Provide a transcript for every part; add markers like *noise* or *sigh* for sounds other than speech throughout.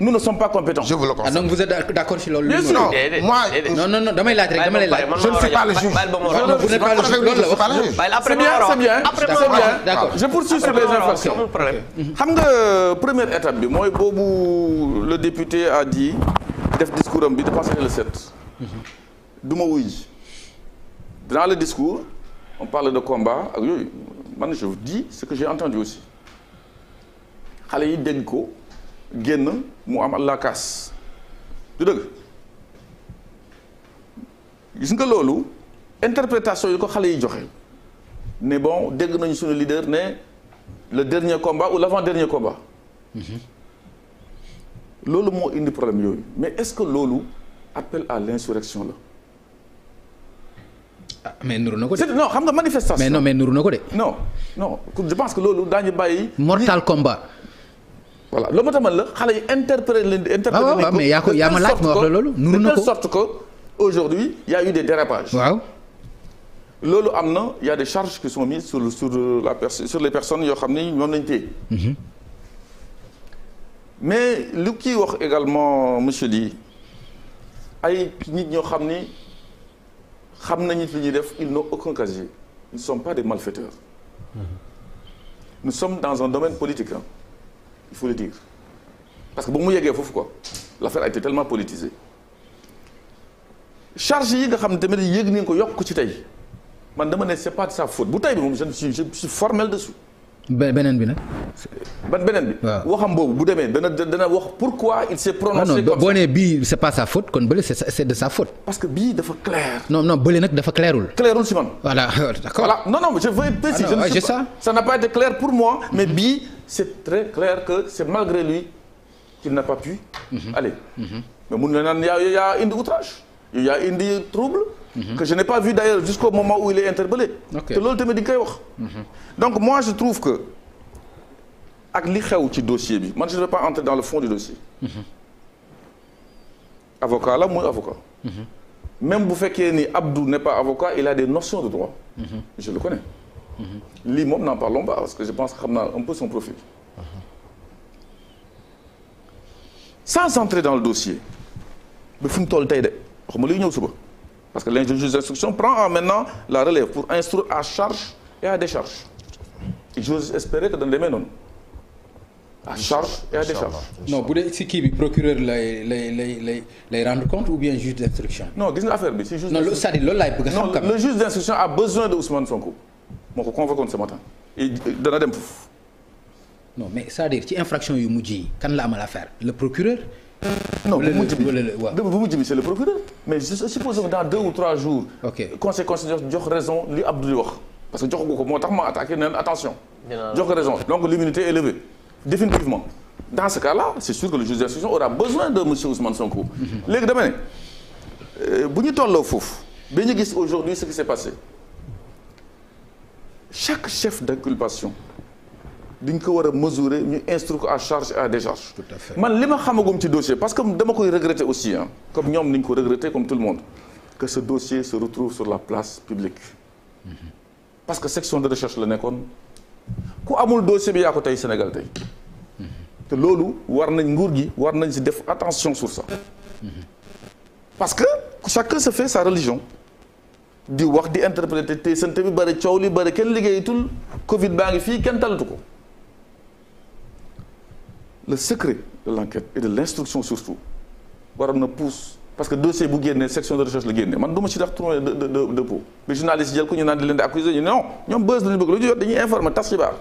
nous ne sommes pas compétents. je vous ah donc vous êtes d' accord si loolu. non non non non le juge. vous le juge loolu la c'est bien c'est bien. d' accord je xam nga euh, première étape bi mooy boobu le député a dit def discours am bi dépassé le sept. du ma wuy dans le discours on parle de combat ak yooyu man je vous ce que j'ai entendu aussi xale yi dégg ko. génn mu am la kaas du dëgg gis nga loolu interprétation yi ko xale yi joxe ne bon dégg nañu suñu leader ne le dernier combat ou l'avant dernier combat mhm. loolu moo indi problème yooyu mais est-ce que loolu appel à l'insurrection la ah mais nuru na ko de. non xam nga manifestation. mais non mais nuru na ko de. non non je pense que loolu daañu bàyyi. mortal combat. voilà la ma tamal la xale yi interprète leen di interprète ah, leen ah, mais loolu nuru na ko de telle sorte que aujourd'hui y a eu des dérapages loolu am na ya des charges qui sont mises sur le sur la sur les personnes yoo xam ne ñoom lañ téye mhm. mais lu kii wax également monsieur Ly ay nit ñoo xam ni xam nañu li ñuy def ils n'ont aucun casier ils ne pas des malfaiteurs mhm. nous sommes dans un domaine politique il faut le dire parce que ba mu yeggee foofu quoi l'affaire a été tellement politisée charge yi nga xam ne tamit yéeg nañ ko yokk ci tey man dama ne c'est pas de sa faute bu tey bi moom je suis je suis formel dessus. beneen bi nag. ban beneen bi. waxam boobu bu demee dana dana wax pourquoi il s'est ah prononcé. comme boo nee bii c'est pas sa faute kon bële c'est c'est de sa faute. parce que bii dafa clair. non non bële nag dafa clairul. clairul si man. voilà *laughs* d'accord voilà je veux être ah je ne sais pas été clair c'est très clair que c'est malgré lui qu'il n'a pas pu mhm. aller mhm. mais mun na naan yaa yaa indi outrage yaa indi trouble mhm. que je n'ai pas vu d'ailleurs jusqu'au moment où il est interpellé te loolu tamit di nga koy wax donc moi je trouve que ak li xew ci dossier bi man je ne vais pas entrer dans le fond du dossier avocat la mooy avocat même bu fekkee ni Abdou n'est pas avocat il a des notions de droit je le connais Mm-hmm. lii moom n'en parlons pas parce que je pense que xam naa un peu son profil. Mm-hmm. sans entrer dans le dossier ba fi mu toll tey de waxuma luy ñëw suba parce que le juge d'instruction prend en maintenant la relève pour instruire à charge et à décharge j'ose espérer que dana demee noonu à charge et à décharge non bu dee bi procureur lay lay rendre compte ou bien juge d'instruction non gis nga affaire non le juge d'instruction a besoin de Ousmane Sonko moo ko convoqué woon ce matin dana dem foofu. non mais cest dire ci infraction yu mujj yi kan la amal affaire le procureur. non bu mujj bi bu mujj c'est le procureur. mais je suppose que dans deux ou trois jours. ok conseil jox raison li Abdou wax. parce que joxu ko moo tax ma attaqué neen attention. jox ko raison donc l'immunité est levée définitivement. dans ce cas-là c'est sûr que le juge d'instruction aura besoin de monsieur Ousmane Sonko. Mhm. léegi dama ne euh, bu ñu chaque chef d'inculpation dañ ko war a mesurer ñu instruire ko à charge et à décharge. tout man li ma xamagum ci dossier parce que dama koy regretter aussi ah comme ñoom ni ñu ko regretter comme tout le monde que ce dossier se retrouve sur la place publique mm-hmm. parce que section de recherche la nekkoon ku amul dossier bi yaa ko tey Sénégal mm-hmm. te loolu war nañ nguur gi war nañ si def attention sur ça mm-hmm. parce que chacun se fait sa religion. di wax di interpréter te sant bi bari coow li bëri kenn liggéeyatul Covid baa ngi fii kenn talatu ko le secret de l'enquête et de l'instruction surtout waroon na pousse parce que dossier bu génnee section de recherche la génne man du ma ci tax tourné de de pot bi journaliste jël ko ñu naan di leen di accuser ñu non ñoom buzz lañu bëgg lu ñu jot dañuy informer tas xibaar.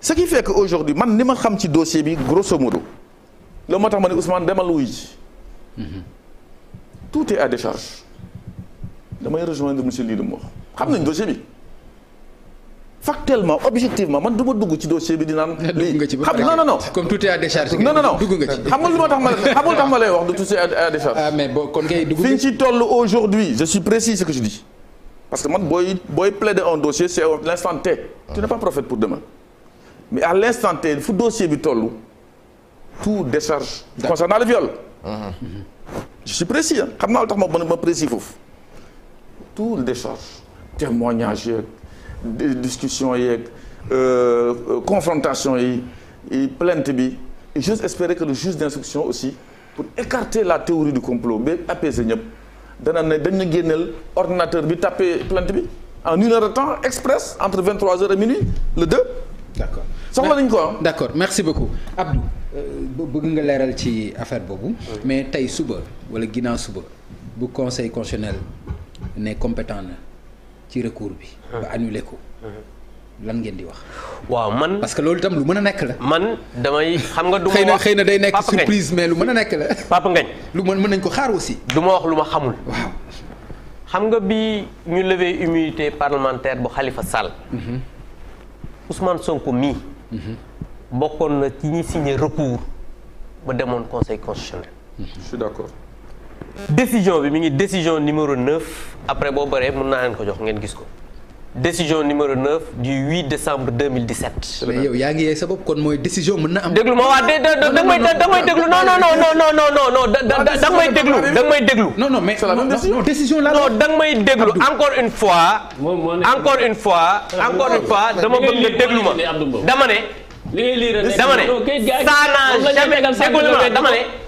ce qui fait aujourd'hui man ni ma xam ci dossier bi grosso modo la moo tax ma ne Ousmane demal wuy ji. Mhm. tout est damay rejoindre monsieur Lydie Mor xam nañ dossier bi factuellement objectivement man du ma dugg ci dossier bi di naan. *laughs* lii xam non non non. comme tout est à décharge. non non non dugg nga ci. xam nga lu ma tax ma xam nga lu tax ma lay wax de tout est à décharge. ah mais boo kon kay dugg. fi ñu ci toll aujourd'hui je suis précis ce que je dis parce que man booy booy plaider un dossier c'est l'instant T. tu n'es pas prophète pour demain mais à l'instant T fu dossier bi toll tout décharge. concernant le viol. Ah. je suis précis ah xam naa lu tax ma ma précis foofu. tout le décharge témoignage yeeg discussion yeeg euh, euh, confrontation yi plainte bi j'ose espérer que le juge d'instruction aussi pour écarter la théorie du complot ba apaiser ñëpp dana ne dañ na génneel ordinateur bi tapé plainte bi en une heure de temps express entre 23h et minuit le 2. d'accord soxla nañ ko ah. d'accord merci beaucoup Abdou. Euh, bëgg nga leeral ci affaire boobu. mais tey suba wala ginnaaw suba bu conseil constitutionnel. ne compétent na ci recours bi. ba annulé ko. lan ngeen di wax. waaw man parce que loolu itam lu mën a nekk la. man damay xam nga du ma wax xëy na xëy na day nekk surprise mais lu mën a nekk la. Papa Ngagne lu ma mën nañ ko xaar aussi. du ma wax lu ma xamul. waaw xam nga bi ñu lever immunité parlementaire bu xalifa Sall. Mhm. Ousmane Sonko mii. Mhm. bokkoon na ci ñi signé recours ba demoon conseil constitutionnel. décision bi mi ngi décision numéro 9 après boo bëree mën naa leen ko jox ngeen gis ko décision numéro 9 du 8 décembre 2017. mais yow yaa ngi yeeg sa kon mooy décision mën na am. déglu ma waa dé da nga may da nga may déglu non non non non non non non da nga may déglu da nga may déglu. non non mais la may déglu encore une fois. encore une fois encore une fois dama bëgg nga déglu ma dama ne. dama ne. ça n'a jamais déglu ma dama ne.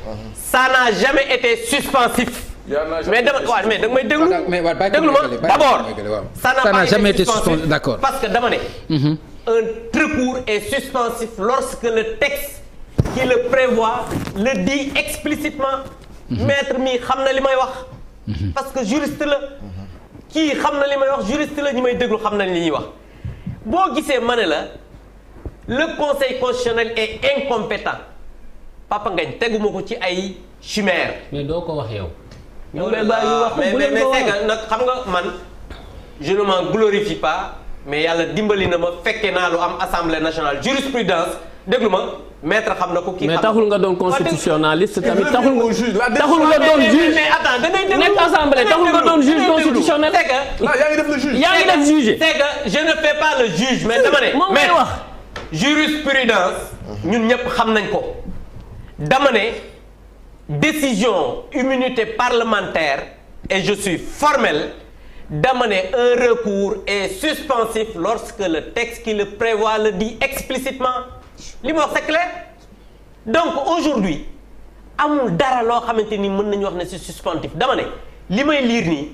ça n'a jamais été suspensif. mais dama waaw mais danga may déglu déglu ma d'abord. ça n'a jamais été suspensif d'accord parce que dama ne. Mhm. un recours est suspensif que le texte qui le prévoit le dit explicitement. Mhm. maître mi xam na li may wax. Mhm. parce que juriste la. kii xam na li may wax juriste la ñi may déglu xam nañ li ñuy wax boo gisee ma ne la le conseil constitutionnel est incompétent Papa Ngagne teguma ko ci ay chimère. mais doo ko wax yow. yow lay bàyyi wax mais mais mais nag xam nga man je ne m'en glorifie pas mais yàlla dimbali na ma fekkee naa lu am assemblée nationale jurisprudence déglu ma maître xam na ko kii. mais taxul nga nga taxul nga doon juge. mais attends da ngay déglu nekk assemblée taxul nga doon juge constitutionnel. c'est que ñun ñëpp xam nañ ko. dama ne décision immunité parlementaire et je suis formel dama ne un recours est suspensif lorsque le texte qui le prévoit le dit explicitement li ma wax c'est clair donc aujourd'hui amul dara loo xamante ni mën nañu wax ne c'est suspensif dama ne li may liir nii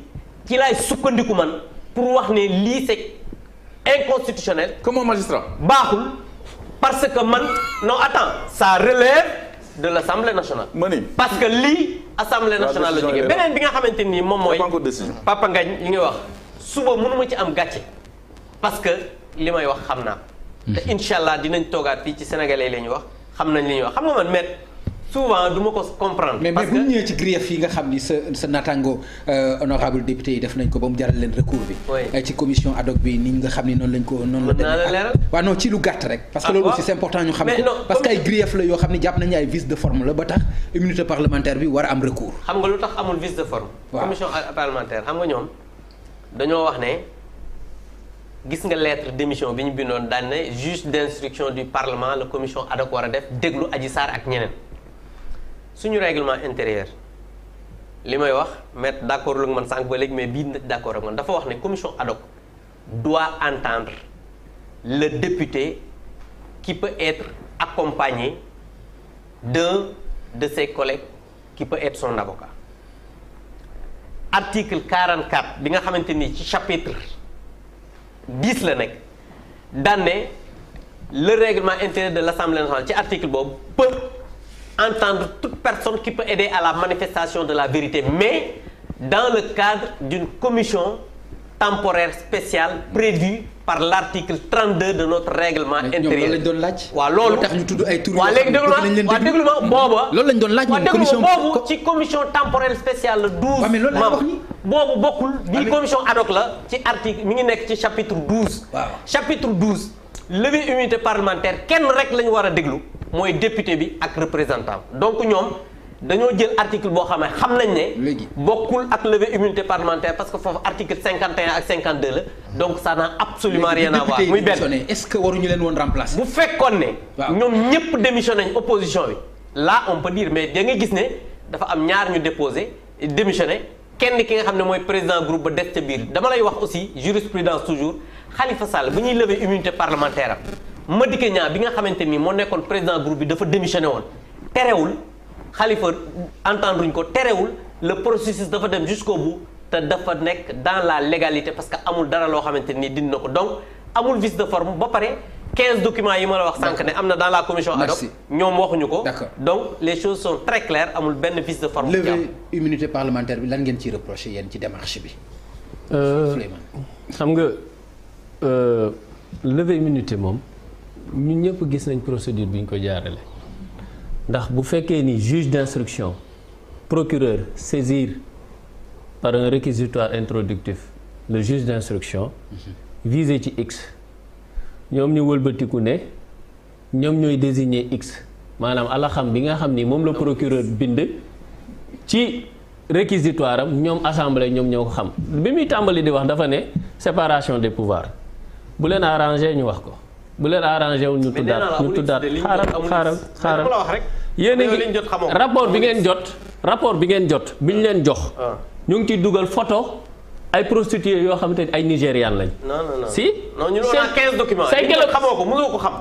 ci laay sukkandiku man pour wax ne lii c'est inconstitutionnel. comme magistrat baaxul parce que man non attends ça relève. de l' assemblée nationale. mani parce que li assemblée nationale la jógee beneen bi nga xamante ni moom mooy. Papa Ngagne li nga wax suba mënu ma ci am gàcce. parce que li may wax xam naa. te mhm. incha allah dinañ toogaat fii ci sénégalais la ñuy wax xam nañ li ñuy wax xam nga man met souvent du ma ko comprendre. mais mais bu ñu ñëwee ci grief yi nga xam ni sa sa naataango euh, honorable député yi def nañ ko ba mu jaral leen recours bi. Euh, ci commission ad hoc bi ni nga xam ni noonu lañ ko. noonu la demee ak waaw non ci lu gàtt rek. parce que ah, loolu aussi c'est important ñu xam ko parce que ay grief la yoo xam ni jàpp nañu ay vice de forme la ba tax immunité parlementaire bi war a am recours. xam nga lu tax amul vice de forme. commission parlementaire xam nga ñoom dañoo wax ne. gis nga lettre démission bi ñu bindoon daan ne juge d'instruction du parlement la commission ad hoc war a def déglu Adji Sarr ak ñeneen suñu réglement intérieur li may wax maître d' accord lu man sànq ba léegi mais bii d' accord ak man dafa wax ne commission ad hoc doit entendre le député qui peut être accompagné d'un de ses collègues qui peut être son avocat article 44 bi nga xamante ni ci chapitre 10 la nekk daan ne le règlement intérieur de l' assemblée nationale ci article boobu entendre toute personne qui peut aider à la manifestation de la vérité, mais dans le cadre d'une commission temporaire spéciale prévue par l'article 32 de notre règlement intérieur. ñoom doon laaj. waaw loolu tax ñu tudd ay tur waaw léegi déglu ma waaw déglu booba. loolu lañ doon laaj moom commission boobu ci commission temporelle spéciale la 12. waaw mais loolu la bokkul. bii commission ad hoc la ci article mi ngi nekk ci chapitre 12. waaw chapitre 12. levée immunité parlementaire kenn rek la ñu war a déglu. mooy député bi ak représentant donc ñoom dañoo jël article boo xam ne xam nañ ne. léegi bokkul ak levée immunité parlementaire parce que foofu article cinquante et un ak cinquante deux la. donc ça n'a absolument rien à muy benn est-ce que waruñu leen woon remplacer. bu fekkoon ne. ñoom ñëpp démissionné nañ opposition bi. là on peut dire mais da nga gis ne dafa am ñaar ñu déposé démissionné kenn ki nga xam ne mooy président groupe ba des ca biir dama lay wax aussi jurisprudence toujours Khalifa Sall bu ñuy lever immunité parlementaire am. ma Madické Niang bi nga xamante ni moo nekkoon président groupe bi dafa démissionné woon terewul Khalifa entendruñ ko terewul le processus dafa dem jusqu'au bu te dafa nekk dans la légalité parce que amul dara loo xamante ni dindi na ko donc amul vice de forme ba pare 15 documents yi ma la wax sànq ne am na dans la commission ad hoc ñoom waxuñu ko donc les choses sont très claires amul benn vice de forme levée immunité parlementaire bi lan ngeen ciy reproché yéen ci démarche bi euh, nga euh, levée moom ñun ñëpp gis nañ procédure bi ñu ko jaarale ndax bu fekkee ni juge d'instruction procureur saisir par un réquisitoire introductif le juge d'instruction mhm. visé ci x ñoom ñu wëlbatiku ne ñoom ñooy désigner x maanaam alaxam bi nga xam ni moom la procureur bind ci réquisitoire am ñoom assemblée ñoom ñoo xam bi muy tàmbali di wax dafa ne séparation des pouvoir bu leen ñu wax ko bu leen arrangé wul ñu tuddaat ñu tuddaat xaaral xaaral xaaral yéen a ngi rapport bi ngeen jot rapport bi ngeen jot bi ñu leen jox ah. ñu ngi ciy dugal photo ay prostituées yoo xamante ni ay nigérian lañ si non ñun a 15 documents xamoo ko mënoo ko xam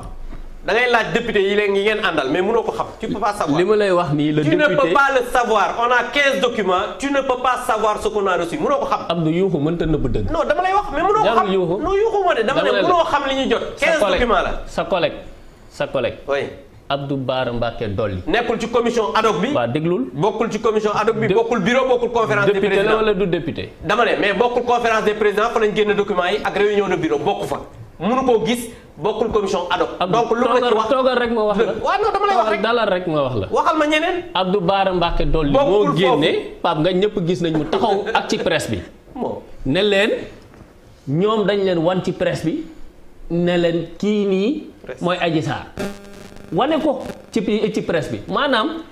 da laaj député yi leen yi ngeen àndal mais mënoo ko xam tu ne savoir. li ma lay wax nii le député tu ne peux pas savoir on a 15 ko xam. Abdou yuuxu mënta nëbb dëgg. non dama lay wax mais mënoo ko xam yuuxu non yuuxu moo de dama ne mënoo xam li ñu jot. sa collègue sa collègue. oui Abdou Bara Mbacké nekkul ci commission ad hoc bi. waaw déglul bokkul ci commission ad hoc bi bokkul bureau bokkul conférence. des présidents député la du député. dama ne mais bokkul conférence mënu koo gis bokkul commission ad hoc. donc lu wax toogal rek ma wax la. waaw non dama lay wax rek dalal rek ma wax la. waxal ma ñeneen. Abdou Bara Mbacke Dolli moo génne Pape nga ñëpp gis nañ mu taxaw ak ci presse bi. ne leen ñoom dañ leen wan ci presse bi ne leen kii nii. mooy Adji Sarr wane ko ci ci presse bi maanaam.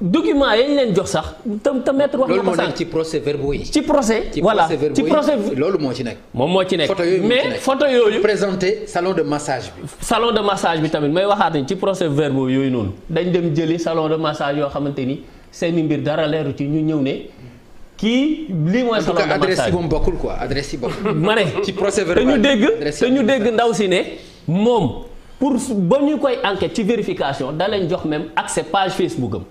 document yañ leen jox sax te te maître wax na ko sax ci procès verbaux yi. ci procès ci loolu moo ci nekk. moom moo ci nekk mais photo yooyu. présenté salon de massage bi. salon de massage bi tamit may waxaat ni ci procès verbaux yooyu noonu dañ dem jëli salon de massage yoo xamante ni seeni mbir dara leeru ci ñu ñëw ne. kii li mooy salon de massage en moom bokkul quoi adresse yi bokkul. *laughs* ma ne ci procès verbaux te ñu dégg te ñu dégg ndaw si ne moom pour ba ñu koy enquête ci vérification da leen jox même accès page Facebook am.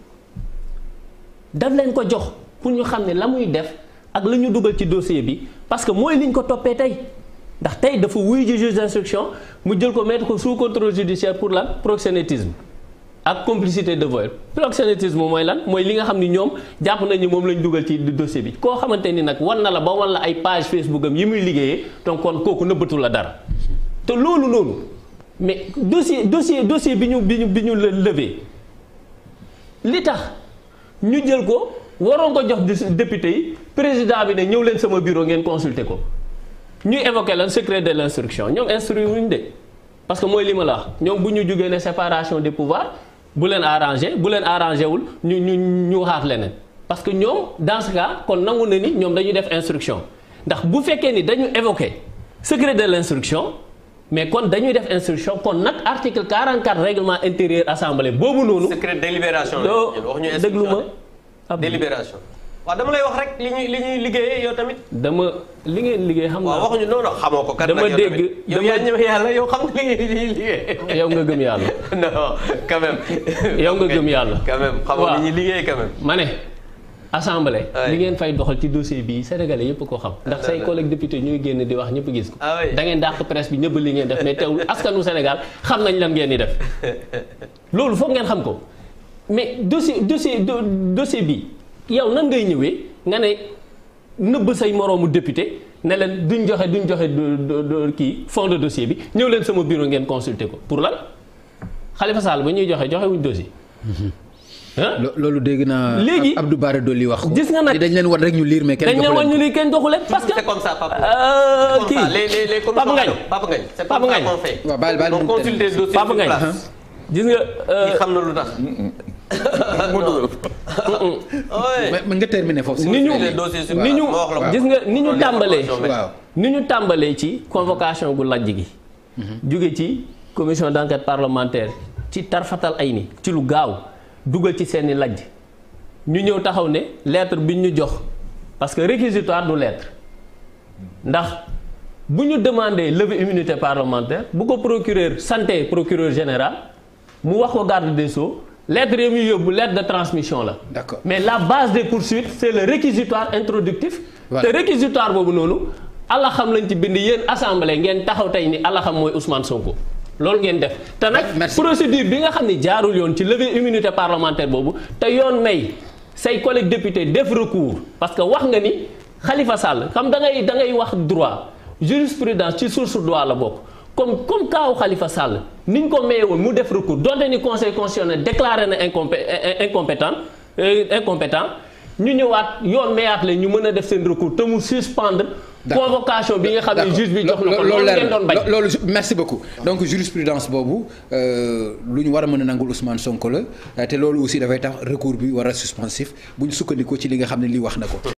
daf leen ko jox pour ñu xam ne la muy def ak la ñu dugal ci dossier bi parce que mooy liñ ko toppee tey ndax tey dafa wuy ji juge d'instruction mu jël ko mettre ko sous contrôle judiciaire pour lan proxénétisme ak complicité de vol proxénétisme mooy lan mooy li nga xam ni ñoom jàpp nañu moom lañ dugal ci dossier bi koo xamante ni nag wan na la ba wan la ay page Facebook am yi muy liggéeyee donc kon kooku nëbbatu la dara te loolu loolu mais dossier dossier dossier bi ñu bi ñu bi ñu levé li tax ñu jël ko waroon ko jox député yi président bi ne ñëw leen sama bureau ngeen consulté ko ñuy évoqué lan secret de l' instruction ñoom instruire wuñ de parce que mooy li ma la wax ñoom bu ñu jugee ne séparation des pouvoirs bu leen arrangé bu leen arrangé wul ñu ñu ñu waxaat leneen parce que ñoom dans kon nangu na ni ñoom dañuy def instruction ndax bu fekkee ni dañu évoqué secret de l' instruction. mais kon dañuy def instruction kon nag article 44 règlement intérieur assemblée boobu noonu. secret délibération la déglu ma ah délibération. waaw dama lay wax rek li ñuy li liggéeyee yow tamit. dama li ngeen liggéey xam naa. waaw waxuñu noonu xamoo ko. kat dama dégg yow yaa ñëw yàlla yow xam nga li yow nga gëm yàlla. *laughs* non yow nga gëm yàlla. quand même xamoo li liggéey quand ma ne. assemblée li ngeen fay doxal ci dossier bii sénégalais yëpp ko xam ndax say collègues député ñooy génn di wax ñëpp gis ko da ngeen dàq presse bi ñëpp li ngeen def mais teewul askanu Sénégal xam nañ lan ngeen def *laughs* loolu foog ngeen xam ko mais dossier dossier dossier bi yow nan ngay ñëwee nga ne nëbb say moroomu député ne leen duñ joxe duñ joxe kii fond de dossier bi ñëw leen sama bureau ngeen consulter ko pour la Khalifa Sall ba ñuy joxe joxewuñ wuñ *laughs* loolu dégg na léegi Abdou Bara Dolly wax gis nga nag dañ leen wan rek ñu liir mais. kenn doxu leen dañ leen wan ñu liir kenn doxu leen parce que. c'est comme ça Pape euh, kii Pape Ngagne Pape Ngagne c'est comme ça qu'on fait. waaw baal baal donc consulter gis nga. Euh, kii xam *laughs* nga terminer ni ñu ni ñu gis nga ni ñu tàmbalee. ni ñu tàmbalee ci convocation gu lajj gi. Mm-hmm. jóge ci commission d'enquête parlementaire ci tarfatal ay ni ci lu gaaw. dugal ci seeni lajj ñu ñëw taxaw ne lettre bi ñu jox parce que réquisitoire du lettre ndax bu ñu demandé lever immunité parlementaire bu ko procureur santé procureur général mu wax ko garde des sceaux lettre yi muy yóbbu de transmission la. d'accord mais la base de poursuites c'est le réquisitoire introductif. te réquisitoire boobu noonu. xam lañ ci bind yéen assemblée ngeen taxaw tey ni alaxam mooy Ousmane ko loolu ngeen def te nag procédure bi nga xam ne jaarul yoon ci levée immunité parlementaire boobu te yoon nay say collègue député def recours parce que wax nga ni Khalifa Sall xam da ngay da ngay wax droit jurisprudence ci source droit la bokk comme comme kaaw xalifa Sall ni ñu ko maye woon mu def recours donte ni conseil constitutionnel déclaré na incompé eh, incompétent euh, incompétent ñu ñëwaat yoon mayaat la ñu mën a def seen recours te mu suspendre convocation bi nga xam ne juge bi jox na ko loolu ngeen loolu merci beaucoup donc jurisprudence boobu euh, lu ñu war a mën a nangul Ousmane Sonko la euh, te loolu aussi dafay tax recours bi war a suspensif bu ñu sukkandikoo ci li nga xam ne lii wax na ko